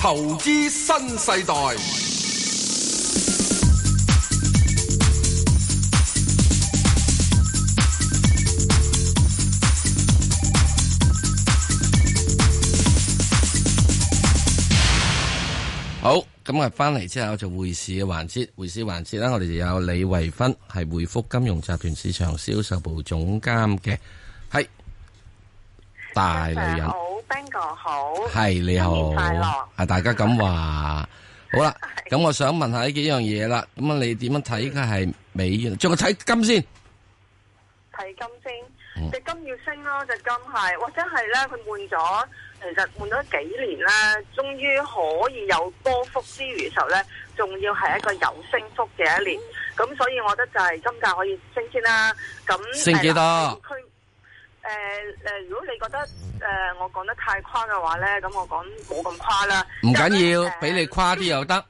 投資新世代。好，咁啊，翻嚟之後就匯市嘅環節，匯市環節啦，我哋就有李慧芬，係匯福金融集團市場銷售部總監嘅，係大女人。邊個好？係你好，新年快樂！啊，大家咁話好啦，咁我想問下呢幾樣嘢啦。咁啊，你點樣睇？應該係美？仲要睇金先？睇金先，隻金要升咯，隻金係，或者係咧，佢換咗，其實換咗幾年啦，終於可以有波幅之餘嘅時候咧，仲要係一個有升幅嘅一年。咁所以我覺得就係金價可以升先啦。咁升幾多？誒誒、呃，如果你覺得誒、呃、我講得太誇嘅話咧，咁我講冇咁誇啦。唔緊要，俾為、呃、你誇啲又得，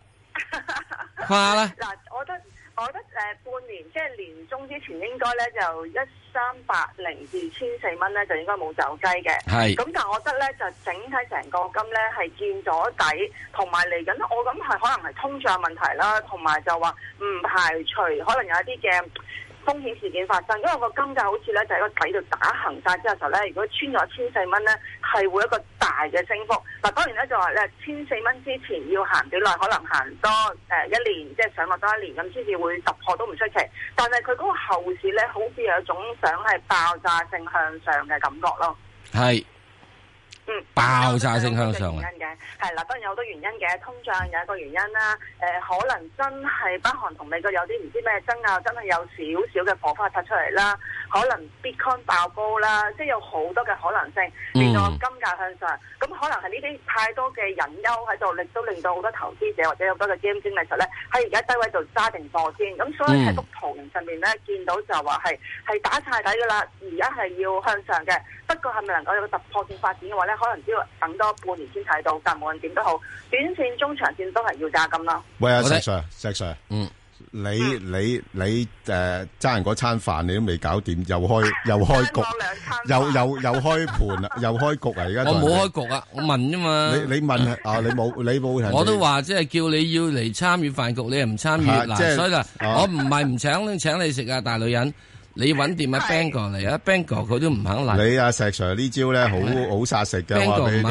誇啦。嗱、呃，我覺得我覺得誒、呃，半年即係年終之前應該咧就一三八零至千四蚊咧就應該冇走雞嘅。係是。咁但係我覺得咧就整體成個金咧係見咗底，同埋嚟緊我諗係可能係通脹問題啦，同埋就話唔排除可能有一啲嘅。風險事件發生，因為個金價好似咧就喺個底度打橫晒之後嘅咧，如果穿咗千四蚊咧，係會一個大嘅升幅。嗱，當然咧就話咧，千四蚊之前要行幾耐，可能行多誒一年，即係上落多一年咁先至會突破都唔出奇。但係佢嗰個後市咧，好似有一種想係爆炸性向上嘅感覺咯。係。嗯，爆炸性向上嘅，係嗱，當然有好多原因嘅，通、嗯、脹有一個原因啦，誒、啊呃，可能真係北韓同美國有啲唔知咩爭拗，真係有少少嘅火花擦出嚟啦。可能 Bitcoin 爆高啦，即係有好多嘅可能性，變咗金價向上。咁可能係呢啲太多嘅隱憂喺度，令都令到好多投資者或者有好多嘅基金經理實咧喺而家低位度揸定貨先。咁所以喺幅圖形上面咧，見到就話係係打太底㗎啦。而家係要向上嘅，不過係咪能夠有個突破性發展嘅話咧，可能只要等多半年先睇到。但無論點都好，短線、中長線都係要揸金啦。喂，的石 Sir，石 Sir，嗯。你你你誒，爭人嗰餐飯你都未搞掂，又開又開局，又又又開盤，又開局啊！而家我冇開局啊，我問啫嘛。你你問啊？你冇你冇人。我都話即係叫你要嚟參與飯局，你又唔參與嗱，所以就我唔係唔請，請你食啊，大女人。你揾掂阿 Bang 哥嚟，阿 Bang 哥佢都唔肯嚟。你阿石 Sir 呢招咧，好好殺食嘅，話俾你聽。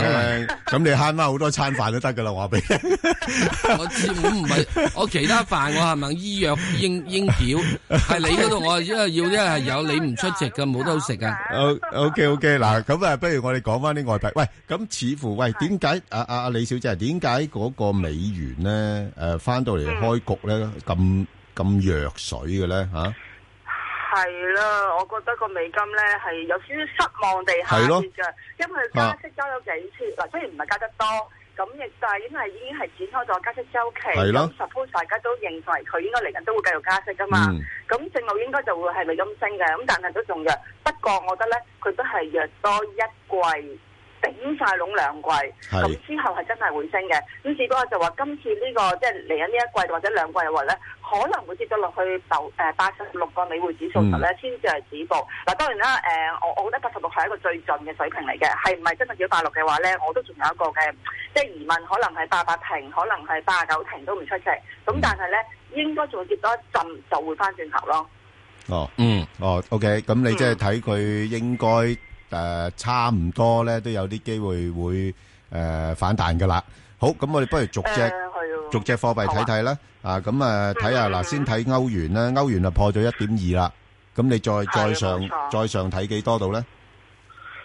咁你慳翻好多餐飯都得噶啦，話俾你。我我唔係我其他飯我係咪醫藥應應繳？係你嗰度，我一係要一係有，你唔出席嘅冇得食嘅。OK OK 嗱，咁啊不如我哋講翻啲外幣。喂，咁似乎喂點解阿阿阿李小姐點解嗰個美元咧誒翻到嚟開局咧咁咁弱水嘅咧吓？係啦，我覺得個美金咧係有少少失望地下跌嘅，的因為加息加咗幾次，嗱雖、啊、然唔係加得多，咁亦都係因為已經係展開咗加息周期 s, 的 suppose 大家都認為佢應該嚟緊都會繼續加息噶嘛，咁正路應該就會係美金升嘅，咁但係都仲弱，不過我覺得咧佢都係弱多一季，頂晒籠兩季，咁的之後係真係會升嘅，咁只不過就話今次呢、這個即係嚟緊呢一季或者兩季嘅話咧。可能會跌咗落去就誒八十六個美匯指數頭咧，先至係止步。嗱當然啦，誒、呃、我我覺得八十六係一個最盡嘅水平嚟嘅，係唔係真係叫要八六嘅話咧，我都仲有一個嘅，即係疑問可能係八八停，可能係八九停都唔出奇。咁但係咧，應該仲會跌多一陣就會翻轉頭咯。哦，嗯，哦，OK，咁你即係睇佢應該誒、呃、差唔多咧，都有啲機會會誒、呃、反彈㗎啦。好，咁我哋不如逐隻。呃逐隻貨幣睇睇啦，啊咁誒睇下嗱，先睇歐元啦，歐元就破咗一點二啦，咁你再再上再上睇幾多度咧？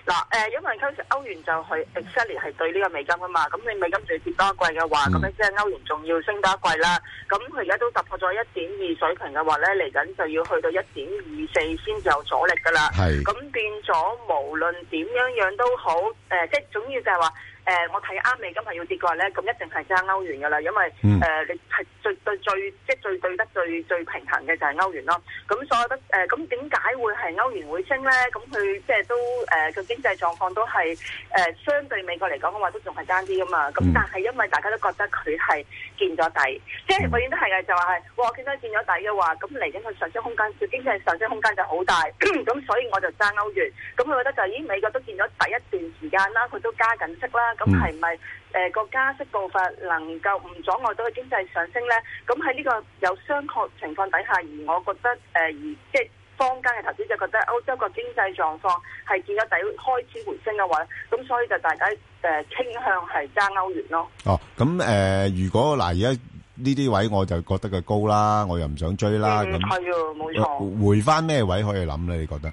嗱，誒，因為其實歐元就係 exactly 係對呢個美金噶嘛，咁你美金就要跌多一季嘅話，咁樣先係歐元仲要升多一季啦。咁佢而家都突破咗一點二水平嘅話咧，嚟緊就要去到一點二四先有阻力噶啦。係，咁變咗無論點樣樣都好，誒，即係總要就係話。誒、呃，我睇啱美金係要跌嘅話咧，咁一定係爭歐元㗎啦，因為誒你係最對最即係最，最對得最最平衡嘅就係歐元咯。咁、嗯、所以得誒，咁點解會係歐元會升咧？咁、嗯、佢即係都誒個、呃、經濟狀況都係誒、呃、相對美國嚟講嘅話都仲係爭啲噶嘛。咁、嗯、但係因為大家都覺得佢係見咗底，即係永遠都係嘅，就話係我見到見咗底嘅話，咁嚟緊佢上升空間，佢經濟上升空間就好大。咁、 嗯、所以我就爭歐元。咁、嗯、佢覺得就已經，美國都見咗底一段時間啦，佢都加緊息啦。咁係咪誒個加息步伐能夠唔阻礙到經濟上升咧？咁喺呢個有商榷情況底下，而我覺得誒、呃，而即坊間嘅投資者覺得歐洲個經濟狀況係見咗底開始回升嘅話，咁所以就大家誒傾向係爭歐元咯。哦，咁誒、呃，如果嗱而家呢啲位，我就覺得佢高啦，我又唔想追啦。咁係啊，冇錯。回翻咩位可以諗咧？你覺得？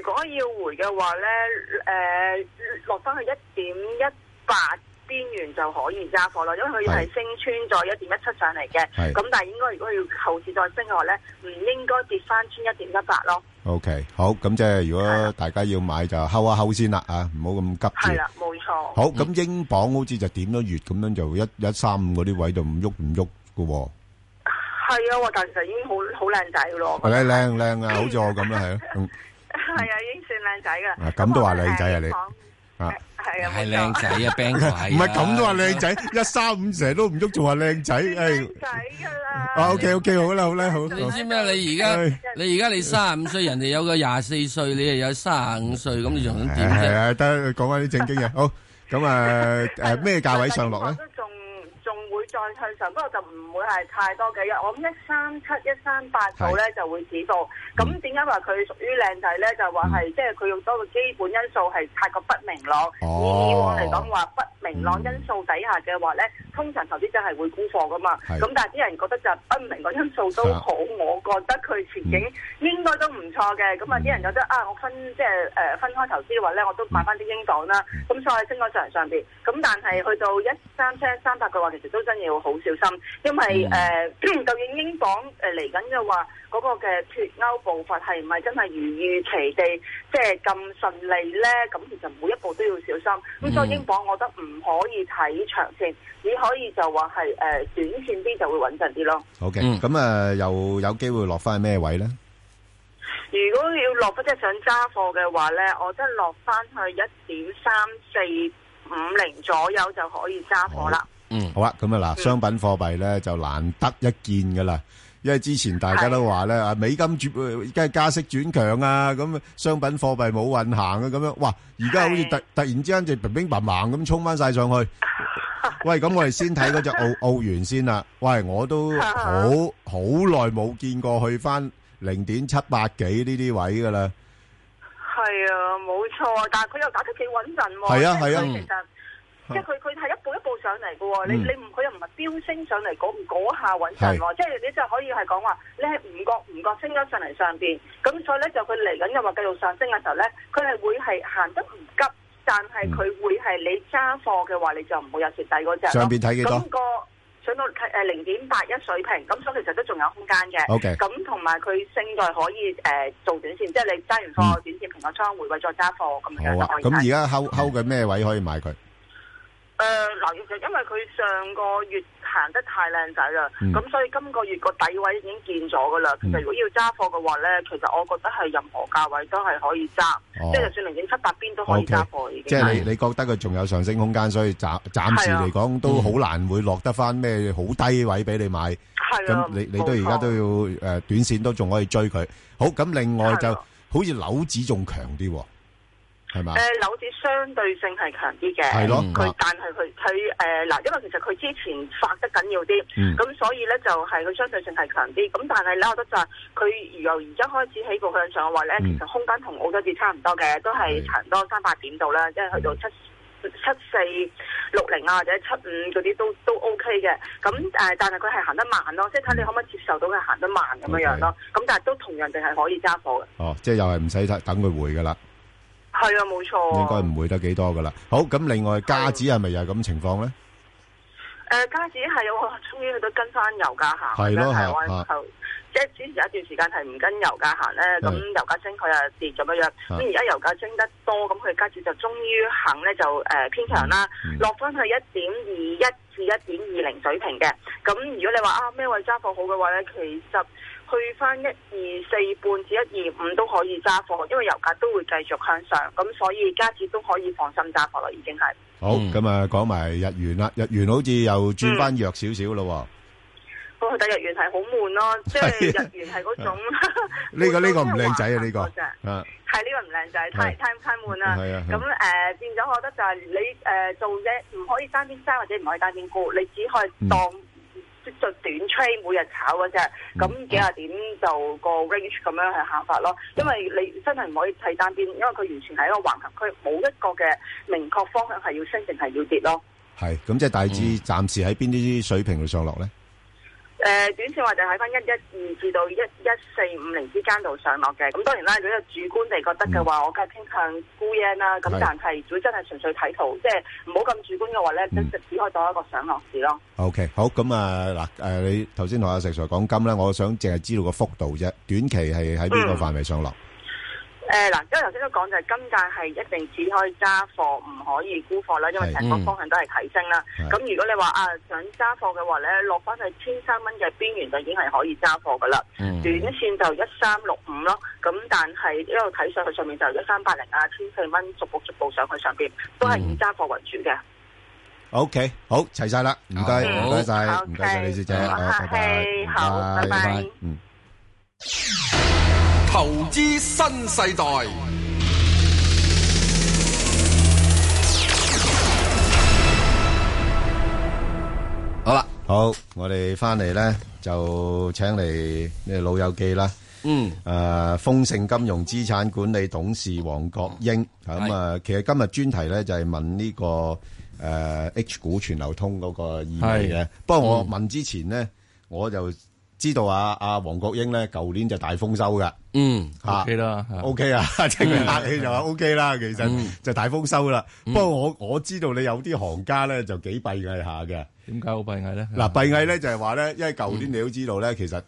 如果要回嘅話咧，誒，落翻去一點一八邊緣就可以加貨啦，因為佢係升穿咗一點一七上嚟嘅。係咁，但係應該如果要後次再升嘅話咧，唔應該跌翻穿一點一八咯。OK，好，咁即係如果大家要買就睺下睺先啦啊，唔好咁急住。係啊，冇錯。好，咁英鎊好似就點咗穴咁樣就一一三五嗰啲位就唔喐唔喐嘅。係啊，但其實已經好好靚仔嘅咯。係靚靚啊，好似我咁樣，係咯。係啊，已經算靚仔噶啦。啊，咁都話靚仔啊你？啊，係啊，係靚仔啊，兵仔。唔係咁都話靚仔，一三五成日都唔喐，仲話靚仔。靚仔噶啦。啊，OK OK，好啦好啦好。你知咩？你而家你而家你三十五歲，人哋有個廿四歲，你又有三十五歲，咁你仲想點啫？係啊得講翻啲正經嘢。好，咁啊誒咩價位上落咧？再向上，不過就唔會係太多嘅嘢。我諗一三七、一三八度咧就會止步。咁點解話佢屬於靚仔咧？就話係、嗯、即係佢用多個基本因素係太過不明朗。哦、以往嚟講話不明朗因素底下嘅話咧。通常投資者係會沽貨噶嘛，咁是但係啲人覺得就不明個因素都好，我覺得佢前景應該都唔錯嘅。咁啊，啲人覺得啊，我分即係誒分開投資嘅話咧，我都買翻啲英鎊啦。咁所再升到上上邊，咁但係去到一三千三百嘅話，其實都真要好小心，因為誒究竟英鎊誒嚟緊嘅話嗰、那個嘅脫歐步伐係唔係真係如預期地即係咁順利咧？咁、那個、其實每一步都要小心。咁所以英鎊，我覺得唔可以睇長線，只可。所以就話係誒，短線啲就會穩陣啲咯。OK，咁啊，又有機會落翻去咩位咧？如果要落即係想揸貨嘅話咧，我得落翻去一點三四五零左右就可以揸貨啦。嗯，好啊，咁啊嗱，商品貨幣咧就難得一見噶啦，因為之前大家都話咧啊，美金轉而家係加息轉強啊，咁商品貨幣冇運行啊，咁樣，哇，而家好似突突然之間就乒乒乓乓咁衝翻晒上去。喂，咁我哋先睇嗰隻澳澳元先啦。喂，我都好好耐冇見過去返零點七八幾呢啲位噶啦。係啊，冇錯啊，但係佢又打得幾穩陣喎。係啊，係啊，其實即係佢佢係一步一步上嚟嘅喎。你你唔佢又唔係飆升上嚟嗰，嗰下穩陣喎。即係你就可以係講話，你係唔覺唔覺升咗上嚟上邊。咁所以咧就佢嚟緊又話繼續上升嘅時候咧，佢係會係行得唔急。但係佢會係你揸貨嘅話，你就唔會有蝕底嗰隻咯。上邊睇幾多？咁個上到誒零點八一水平，咁所以其實都仲有空間嘅。OK。咁同埋佢勝在可以誒、呃、做短線，即係你揸完貨，嗯、短線平個倉，回位再揸貨。咁咁而家摳摳緊咩位可以買佢？誒，嗱其實，因為佢上個月行得太靚仔啦，咁、嗯、所以今個月個底位已經見咗噶啦。其實、嗯、如果要揸貨嘅話咧，其實我覺得係任何價位都係可以揸，即係、哦、就，就算零點七八邊都可以揸貨 okay，已經揸貨。即係你，你覺得佢仲有上升空間，所以暫暫時嚟講都好難會落得翻咩好低位俾你買。係咯、嗯，你你都而家都要誒、呃、短線都仲可以追佢。好，咁另外就的好似紐紙仲強啲。誒，樓市相對性係強啲嘅，佢但係佢佢誒嗱，因為其實佢之前發得緊要啲，咁所以咧就係佢相對性係強啲。咁但係咧，我覺得就係佢由而家開始起步向上嘅話咧，其實空間同澳洲跌差唔多嘅，都係差唔多三百點度啦，即係去到七七四六零啊或者七五嗰啲都都 OK 嘅。咁誒，但係佢係行得慢咯，即係睇你可唔可以接受到佢行得慢咁樣樣咯。咁但係都同樣地係可以揸貨嘅。哦，即係又係唔使等佢回噶啦。係啊，冇錯。應該唔會得幾多噶啦。好，咁另外，加紙係咪又係咁情況咧？誒、呃，加紙係我終於都跟翻油價行，係咯了，係即係之前有一段時間係唔跟油價行咧，咁的油價升佢又跌咗乜樣？咁而家油價升得多，咁佢加紙就終於行咧，就誒、呃、偏強啦，落翻去一點二一至一點二零水平嘅。咁如果你啊話啊咩位揸貨好嘅話咧，其實。去翻一二四半至一二五都可以揸貨，因為油價都會繼續向上，咁所以加紙都可以放心揸貨啦，已經係。好、嗯、咁、嗯、啊，講、嗯、埋日元啦，日元好似又轉翻弱少少咯。哦，但係日元係好悶咯，即係日元係嗰種。呢、 呢個呢 個唔靚仔啊，呢、呢個，啊，係呢個唔靚仔，太太太悶啦。係啊。咁誒、啊呃，變咗我覺得就係你誒、呃，做嘢唔可以單邊揸或者唔可以單邊沽，你只可以當。嗯即係短 trade 每日炒嗰隻，咁、嗯、幾廿點就、嗯、個 range 咁樣去下法咯。因為你真係唔可以睇單邊，因為佢完全係一個橫行區，冇一個嘅明確方向係要升定係要跌咯。係，咁即係大致暫時喺邊啲水平上落咧？嗯誒，短線話就喺翻一一二至到一一四五零之間度上落嘅，咁當然啦，如果係主觀地覺得嘅話，嗯、我梗係傾向沽煙啦。咁是但係如果真係純粹睇圖，即係唔好咁主觀嘅話咧，真實、嗯、只可以當一個上落市咯。O、okay, K，好，咁啊嗱，誒、啊，你頭先同阿石 Sir 講金咧，我想淨係知道個幅度啫，短期係喺邊個範圍上落？嗯誒，嗱，即頭先都講就係金價係一定只可以揸貨，唔可以沽貨啦，因為成個方向都係提升啦。咁、嗯、如果你啊話啊想揸貨嘅話咧，落翻去千三蚊嘅邊緣就已經係可以揸貨噶啦。短、嗯、線就 65, 一三六五咯，咁但係一路睇上去上面就一三八零啊，千四蚊逐步逐步上去上邊，都係以揸貨為主嘅。OK，好，齊晒啦，唔該，唔該晒，唔該李小姐，好，拜拜，好，拜拜，投資新世代，好啦了，好，我哋翻嚟咧就請嚟呢老友記啦，嗯，誒、呃，豐盛金融資產管理董事黃國英，咁啊是，嗯、其實今日專題咧就係、是、問呢、這個誒、呃、H 股全流通嗰個意味嘅，是不過我問之前呢，我就。知道啊啊！黃國英咧，舊年就大豐收嘅。嗯，OK 啦，OK 啊，okay 了嗯、即係佢客氣就話 OK 啦，嗯、其實就大豐收啦。嗯、不過我我知道你有啲行家咧就幾閉翳下嘅。點解好閉翳咧？嗱、啊，閉翳咧就係話咧，因為舊年你都知道咧，嗯、其實誒，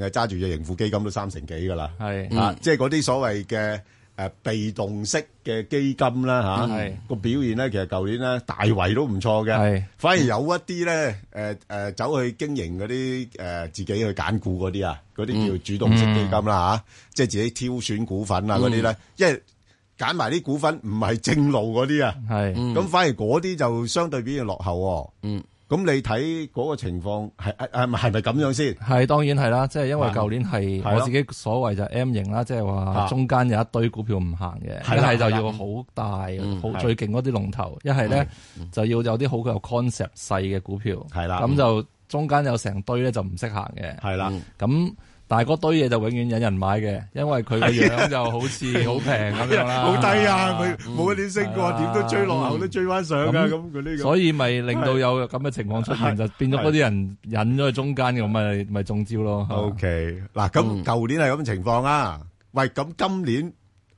淨係揸住隻盈富基金都三成幾噶啦。係是，嚇、嗯啊，即係嗰啲所謂嘅。誒，被動式嘅基金啦，吓個表現咧，其實舊年咧大圍都唔錯嘅，反而有一啲咧，誒誒，走去經營嗰啲，誒自己去揀股嗰啲啊，嗰啲叫主動式基金啦，吓即係自己挑選股份啊嗰啲咧，因為揀埋啲股份唔係正路嗰啲啊，係，咁反而嗰啲就相對比較落後。嗯。咁你睇嗰個情況係係咪咁樣先？係當然係啦，即係因為舊年係我自己所謂就 M 型啦，即係話中間有一堆股票唔行嘅，一係就要好大，好最勁嗰啲龍頭，一係咧就要有啲好有 concept 細嘅股票，係啦，咁就中間有成堆咧就唔識行嘅，係啦，咁。但係嗰堆嘢就永遠引人買嘅，因為佢嘅樣就好似好平咁好低啊！佢冇一啲升過，點都追落後都追翻上嘅咁，佢呢個，所以咪令到有咁嘅情況出現，就變咗嗰啲人引咗去中間嘅，咪咪中招咯。OK，嗱咁舊年係咁嘅情況啊，喂咁今年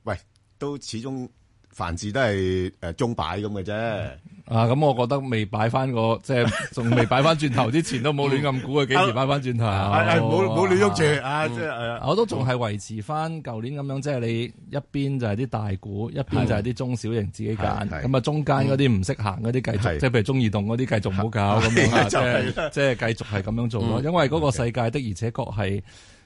喂都始終。凡事都係誒中擺咁嘅啫，啊咁我覺得未擺翻個，即係仲未擺翻轉頭之前都冇亂咁估，幾時翻翻轉頭？係係冇冇亂喐住啊！即係我都仲係維持翻舊年咁樣，即係你一邊就係啲大股，一邊就係啲中小型自己揀，咁啊中間嗰啲唔識行嗰啲繼續，即係譬如中移動嗰啲繼續唔好搞咁樣，即係即係繼續係咁樣做咯。因為嗰個世界的而且確係。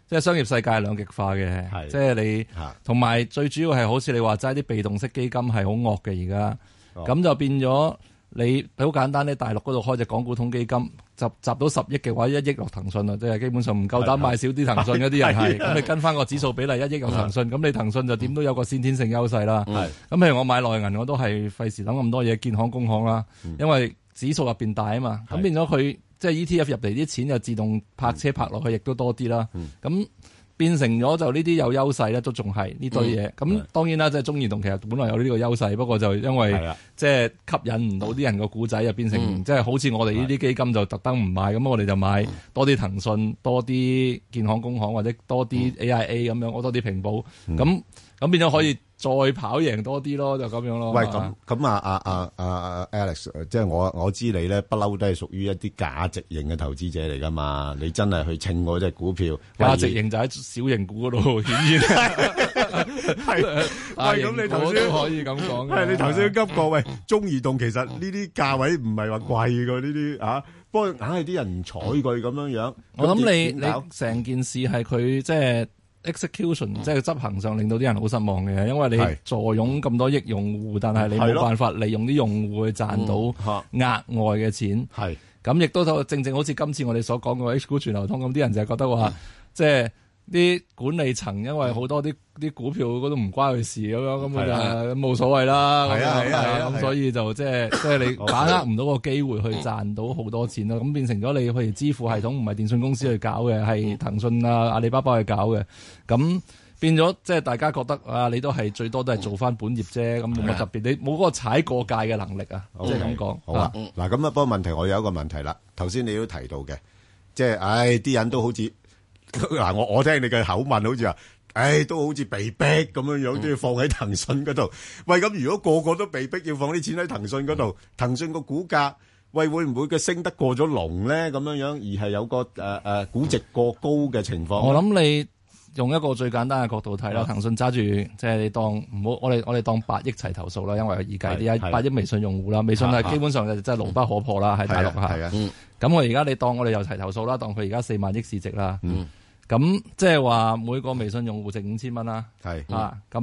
即係商業世界兩極化嘅，的即係你同埋最主要係好似你話齋啲被動式基金係好惡嘅而家，咁、哦、就變咗你好簡單你大陸嗰度開隻港股通基金，集集到十億嘅話，一億落騰訊啊，即係基本上唔夠膽買少啲騰訊嗰啲人，係咁的你跟翻個指數比例一億入騰訊，咁的你騰訊就點都有個先天性優勢啦。咁的譬如我買內銀，我都係費事諗咁多嘢，建行、工行啦，因為指數入邊大啊嘛，咁變咗佢。的的即係 ETF 入嚟啲錢就自動泊車泊落去，亦都多啲啦。咁、嗯、變成咗就呢啲有優勢咧，都仲係呢堆嘢。咁、嗯、當然啦，的即係中移動其實本來有呢個優勢，不過就因為即係吸引唔到啲人個故仔，嗯、就變成即係、嗯、好似我哋呢啲基金就特登唔買，咁、嗯、我哋就買多啲騰訊、多啲建行、工行或者多啲 AIA 咁樣、嗯，多啲平保咁。嗯咁變咗可以再跑贏多啲咯，就咁樣咯。喂，咁咁啊啊啊啊 Alex，即係我我知你咧不嬲都係屬於一啲價值型嘅投資者嚟噶嘛？你真係去稱我隻股票價值型就喺小型股嗰度，顯 然係。喂，咁你頭先可以咁講？係你頭先急過喂中移動，其實呢啲價位唔係話貴噶呢啲啊，不過硬係啲人唔睬佢咁樣樣。我諗你你成件事係佢即係。即 Execution 即係執行上令到啲人好失望嘅，因為你坐擁咁多億用戶，但係你冇辦法利用啲用戶去賺到額外嘅錢。係咁、嗯，亦都正正好似今次我哋所講嘅 H 股全流通咁，啲人就係覺得話、嗯、即係。啲管理層，因為好多啲啲股票嗰都唔關佢事咁、啊、樣咁就冇所謂啦，係啊係啊咁、啊啊啊、所以就即係即係你把握唔到個機會去賺到好多錢咯，咁的變成咗你譬如支付系統唔係電信公司去搞嘅，係騰訊啊阿里巴巴去搞嘅，咁變咗即係大家覺得啊你都係最多都係做翻本業啫，咁冇乜特別，你冇嗰個踩過界嘅能力啊，即係咁講。好啊，嗱咁啊，不過問題，我有一個問題啦，頭先你都提到嘅，即、就、係、是、唉啲人都好似。嗱，我、啊、我聽你嘅口吻，好似啊，唉，都好似被逼咁樣樣，都要放喺騰訊嗰度。喂，咁如果個個都被逼要放啲錢喺騰訊嗰度，騰訊個股價喂會唔會嘅升得過咗籠咧？咁樣樣而係有個誒誒、呃呃、估值過高嘅情況？我諗你用一個最簡單嘅角度睇啦，騰訊揸住即係、就是、你當唔好，我哋我哋當八億齊投訴啦，因為而家啲八億微信用戶啦，微信係基本上就真係牢不可破啦，喺、uh, uh, 大陸吓。咁我而家你當我哋又齊投訴啦，當佢而家四萬億市值啦。Uh. 咁即係話每個微信用戶值五千蚊啦，係是啊，咁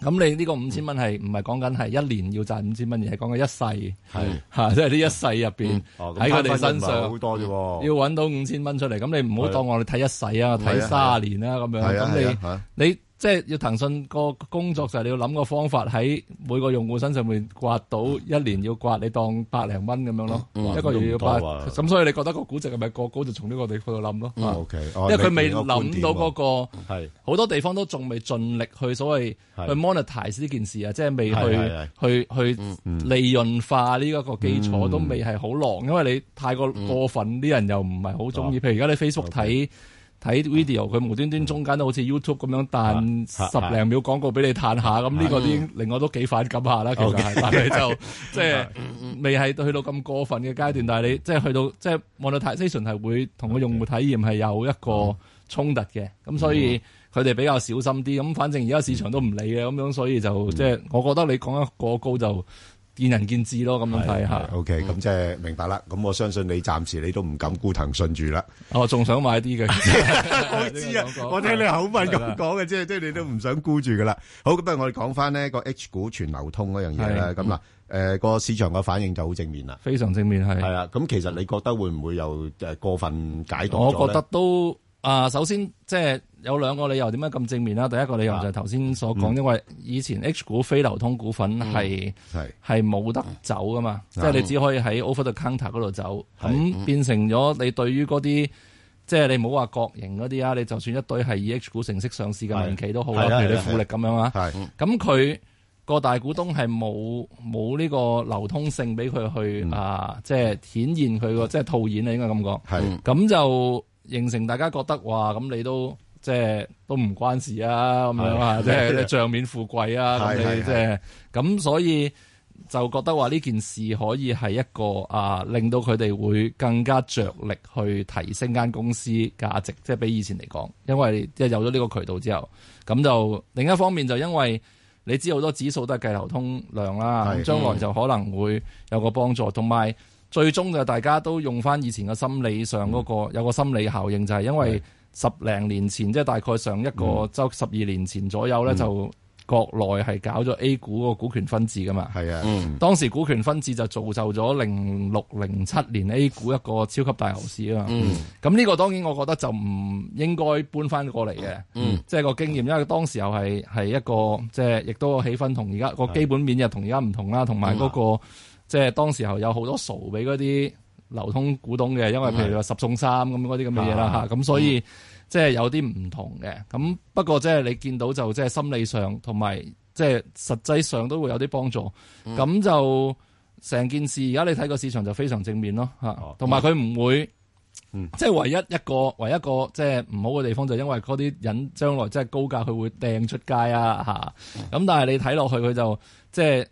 咁你呢個五千蚊係唔係講緊係一年要賺五千蚊，而係講緊一世，係吓即係呢一世入邊喺佢哋身上，要搵到五千蚊出嚟。咁你唔好當我哋睇一世啊，睇卅、啊、年啊咁、啊、樣。咁你、啊、你。即係要騰訊個工作就係你要諗個方法喺每個用戶身上面刮到一年要刮你當百零蚊咁樣咯，一個月要刮。咁所以你覺得個估值係咪過高？就從呢個地方度諗咯。OK，因為佢未諗到嗰個，好多地方都仲未盡力去所謂去 monetize 呢件事啊，即係未去去去利潤化呢一個基礎都未係好狼，因為你太過過分，啲人又唔係好中意。譬如而家你 Facebook 睇。睇 video 佢無端端中間都好似 YouTube 咁樣彈十零秒廣告俾你嘆下，咁呢個已令我都幾反感下啦。其實係但係就即係未係去到咁過分嘅階段，但係你即係去到即係望到 monetization 係會同個用戶體驗係有一個衝突嘅，咁所以佢哋比較小心啲。咁反正而家市場都唔理嘅，咁樣所以就即係我覺得你講得過高就。見仁見智咯，咁樣睇吓。O K，咁即係明白啦。咁我相信你，暫時你都唔敢沽騰訊住啦。我仲想買啲嘅，我知啊，我聽你口吻咁講嘅，即係即係你都唔想沽住噶啦。好，咁不如我哋講翻呢個 H 股全流通嗰樣嘢啦。咁嗱，誒個市場個反應就好正面啦。非常正面係。係啊，咁其實你覺得會唔會有誒過分解讀？我覺得都。啊，首先即係有兩個理由，點解咁正面啦？第一個理由就係頭先所講，因為以前 H 股非流通股份係係係冇得走噶嘛，即係你只可以喺 Over the Counter 嗰度走。咁變成咗你對於嗰啲，即係你唔好話國營嗰啲啊，你就算一對係以 H 股形式上市嘅民企都好，譬如你富力咁樣啊，係咁佢個大股東係冇冇呢個流通性俾佢去啊，即係顯現佢個即係套現啊，應該咁講。係咁就。形成大家覺得話咁你、就是、都即係都唔關事啊咁樣啊，即係帳面富貴啊咁，即係咁所以就覺得話呢件事可以係一個啊，令到佢哋會更加着力去提升間公司價值，即、就、係、是、比以前嚟講，因為即係、就是、有咗呢個渠道之後，咁就另一方面就因為你知好多指數都係計流通量啦、啊，將來就可能會有個幫助，同埋。最終就大家都用翻以前嘅心理上嗰個有個心理效應，就係因為十零年前，即係大概上一個即十二年前左右咧，就國內係搞咗 A 股個股權分置噶嘛。係啊，當時股權分置就造就咗零六、零七年 A 股一個超級大牛市啊嘛。咁呢個當然我覺得就唔應該搬翻過嚟嘅，即係個經驗，因為當時又係係一個即係亦都個氣氛同而家個基本面又同而家唔同啦，同埋嗰個。即係當時候有好多傻俾嗰啲流通股東嘅，因為譬如話十送三咁嗰啲咁嘅嘢啦嚇，咁所以、嗯、即係有啲唔同嘅。咁不過即係你見到就即係心理上同埋即係實際上都會有啲幫助。咁、嗯、就成件事而家你睇個市場就非常正面咯嚇，同埋佢唔會即係、嗯、唯一一個唯一一個即係唔好嘅地方就因為嗰啲人將來即係高價佢會掟出街啊嚇。咁但係你睇落去佢就即係。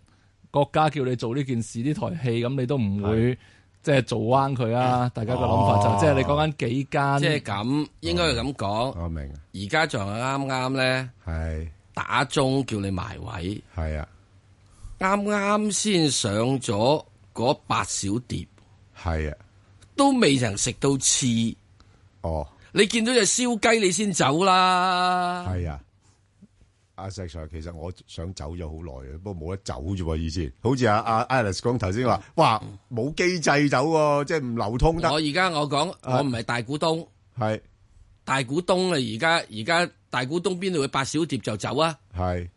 國家叫你做呢件事呢台戲，咁你都唔會的即係做彎佢啊！大家個諗法就即係你講緊幾間，即係咁，嗯、應該係咁講。我明。而家仲係啱啱咧，係的打鐘叫你埋位，係啊的，啱啱先上咗嗰八小碟，係啊的，都未曾食到翅。哦，你見到隻燒雞，你先走啦。係啊。阿石 Sir，其實我想走咗好耐嘅，不過冇得走啫喎，意思。好似阿阿 Alice 講頭先話，哇，冇機制走喎，即係唔流通得。我而家我講，我唔係大股東，係、啊、大股東啊！而家而家大股東邊度會八小碟就走啊？係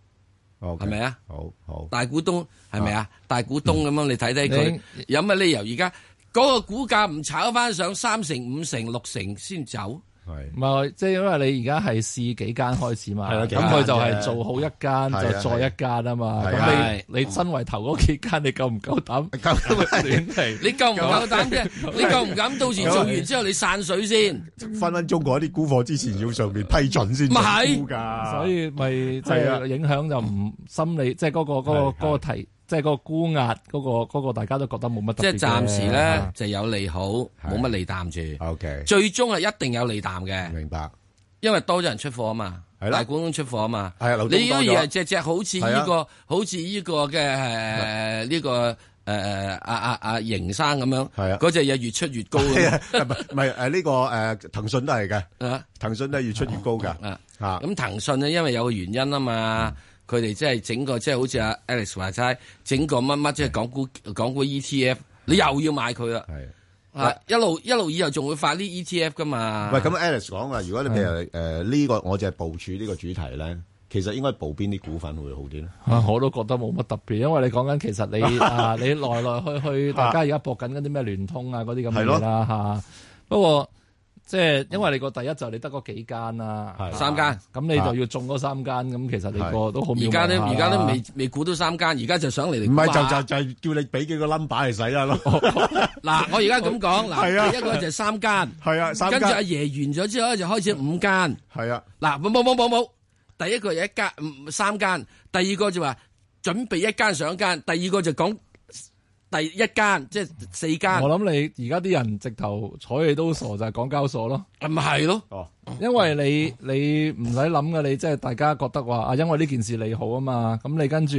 ，OK，係咪啊？好好，好大股東係咪啊？大股東咁樣、啊、你睇睇佢有乜理由？而家嗰個股價唔炒翻上三成、五成、六成先走？係，唔係即係因為你而家係試幾間開始嘛，咁佢就係做好一間就再一間啊嘛。咁對你你身為頭嗰幾間，你夠唔夠膽？夠膽啊，短期。你夠唔夠膽啫？你夠唔敢？到時做完之後，你散水先。分分鐘嗰啲估貨之前要上面批准先，唔係，所以咪就係影響就唔是的 心理，即係嗰、嗰個嗰、嗰個、嗰個題。即係嗰個沽壓，嗰個大家都覺得冇乜，即係暫時咧就有利好，冇乜利淡住。OK，最終係一定有利淡嘅。明白，因為多咗人出貨啊嘛，大股東出貨啊嘛。係啊，你而家隻隻好似呢個好似呢個嘅呢個誒阿阿阿邢生咁樣，係啊，嗰隻嘢越出越高。係啊，唔係呢個誒騰訊都係嘅，騰訊都係越出越高嘅。啊，咁騰訊咧因為有個原因啊嘛。佢哋即係整個，即、就、係、是、好似阿 Alex 話齋，整個乜乜即係港股港股 ETF，你又要買佢啦。係的啊，一路一路以後仲會發啲 ETF 噶嘛。喂，咁，Alex 講啊，如果你譬如誒呢的、呃這個，我就係部署呢個主題咧，其實應該部邊啲股份會好啲咧、啊？我都覺得冇乜特別，因為你講緊其實你 啊，你來來去去，大家而家博緊嗰啲咩聯通啊嗰啲咁嘅嘢啦嚇。不過，即係，因為你個第一就你得嗰幾間啦、啊，係三間，咁、啊、你就要中嗰三間，咁、啊、其實你個都好。而家都而家都未未估到三間，而家就想嚟嚟。唔係就就就叫你俾幾個 number 嚟使啦。咯。嗱，我而家咁講，嗱，第一個就三間，係啊，三間，跟住阿爺完咗之後就開始五間，係啊。嗱、啊，冇冇冇冇冇，第一個係一間，三間。第二個就話準備一間上一間，第二個就講。第一間即係四間，我諗你而家啲人直頭睬你都傻，就係、是、港交所咯。咁咪係咯，哦、因為你你唔使諗嘅，你即係大家覺得話啊，因為呢件事利好啊嘛，咁你跟住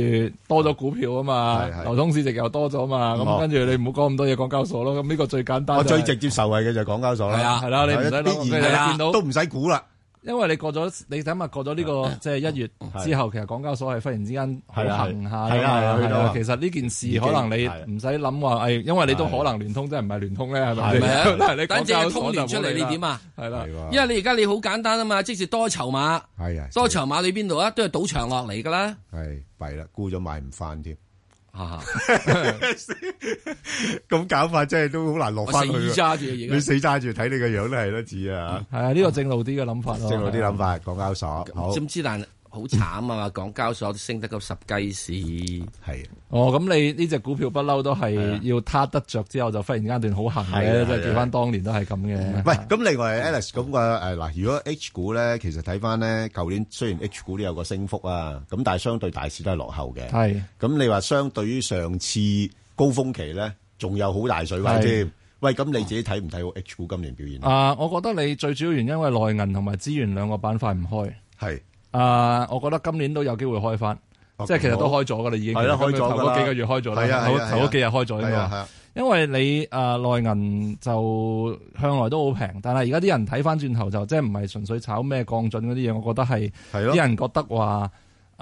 多咗股票啊嘛，流通、哦、市值又多咗嘛，咁、嗯、跟住你唔好講咁多嘢，港交所咯。咁呢個最簡單、就是，我最直接受惠嘅就係港交所啦。係啊，係啦、啊，啊、你唔使、啊、都唔使估啦。因為你過咗，你睇下過咗呢、這個即係一月之後， 其實港交所係忽然之間好行下嘅。 其實呢件事可能你唔使諗話，係因為你都可能聯通即係唔係聯通咧，係咪？係咪？等只係通聯出嚟，你點啊？係啦，因為你而家 你好簡單啊嘛，即是多籌碼，係啊， 多籌碼你邊度啊？都係賭場落嚟噶啦，係弊啦，沽咗買唔翻添。啊！咁搞法真係都好難落翻去。你死揸住睇你個樣都係得紙啊！係啊，呢個正路啲嘅諗法咯。正路啲諗法，港交所好。知唔知但。好慘啊嘛，港交所升得咁十雞市，係哦。咁你呢隻股票不嬲都係要撻得着之後，就忽然間一段好行，係啊。即係叫翻當年都係咁嘅。喂咁，另外 Alex 咁嘅誒嗱，如果 H 股咧，其實睇翻咧，舊年雖然 H 股都有個升幅啊，咁但係相對大市都係落後嘅。係咁，你話相對於上次高峰期咧，仲有好大水位添。喂，咁你自己睇唔睇到 H 股今年表現？啊，我覺得你最主要原因係內銀同埋資源兩個板塊唔開。係。啊、呃，我覺得今年都有機會開翻，啊、即係其實都開咗噶啦，好已經。係啦的，開咗啦。頭幾個月開咗啦，頭頭嗰幾日開咗應該。因為你啊、呃、內銀就向來都好平，但係而家啲人睇翻轉頭就即係唔係純粹炒咩降準嗰啲嘢，我覺得係。係咯的，啲人覺得話。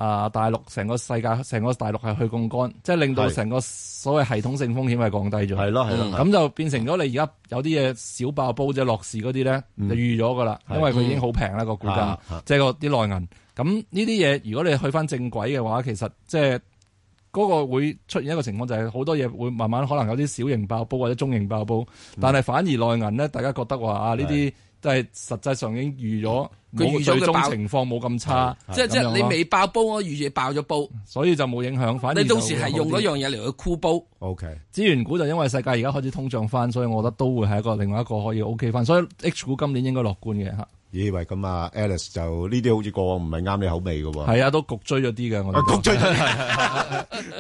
啊！大陸成個世界，成個大陸係去槓桿，即係令到成個所謂系統性風險係降低咗。係咯，係咯，咁就變成咗你而家有啲嘢小爆煲，即係落市嗰啲咧，嗯、就預咗㗎啦，因為佢已經好平啦個股價價，即係個啲內銀。咁呢啲嘢如果你去翻正軌嘅話，其實即係嗰個會出現一個情況，就係好多嘢會慢慢可能有啲小型爆煲或者中型爆煲，但係反而內銀咧，大家覺得話呢啲。啊啊即係實際上已經預咗，佢預咗嘅情況冇咁差。即係即係你未爆煲，我預住爆咗煲，所以就冇影響。反正你到時係用嗰樣嘢嚟去箍煲。O K，資源股就因為世界而家開始通脹翻，所以我覺得都會係一個另外一個可以 O K 翻。所以 H 股今年應該樂觀嘅吓。咦、欸？喂，咁啊，Alice 就呢啲好似過往唔係啱你口味嘅。係啊，都焗追咗啲嘅。啊、我焗覺追。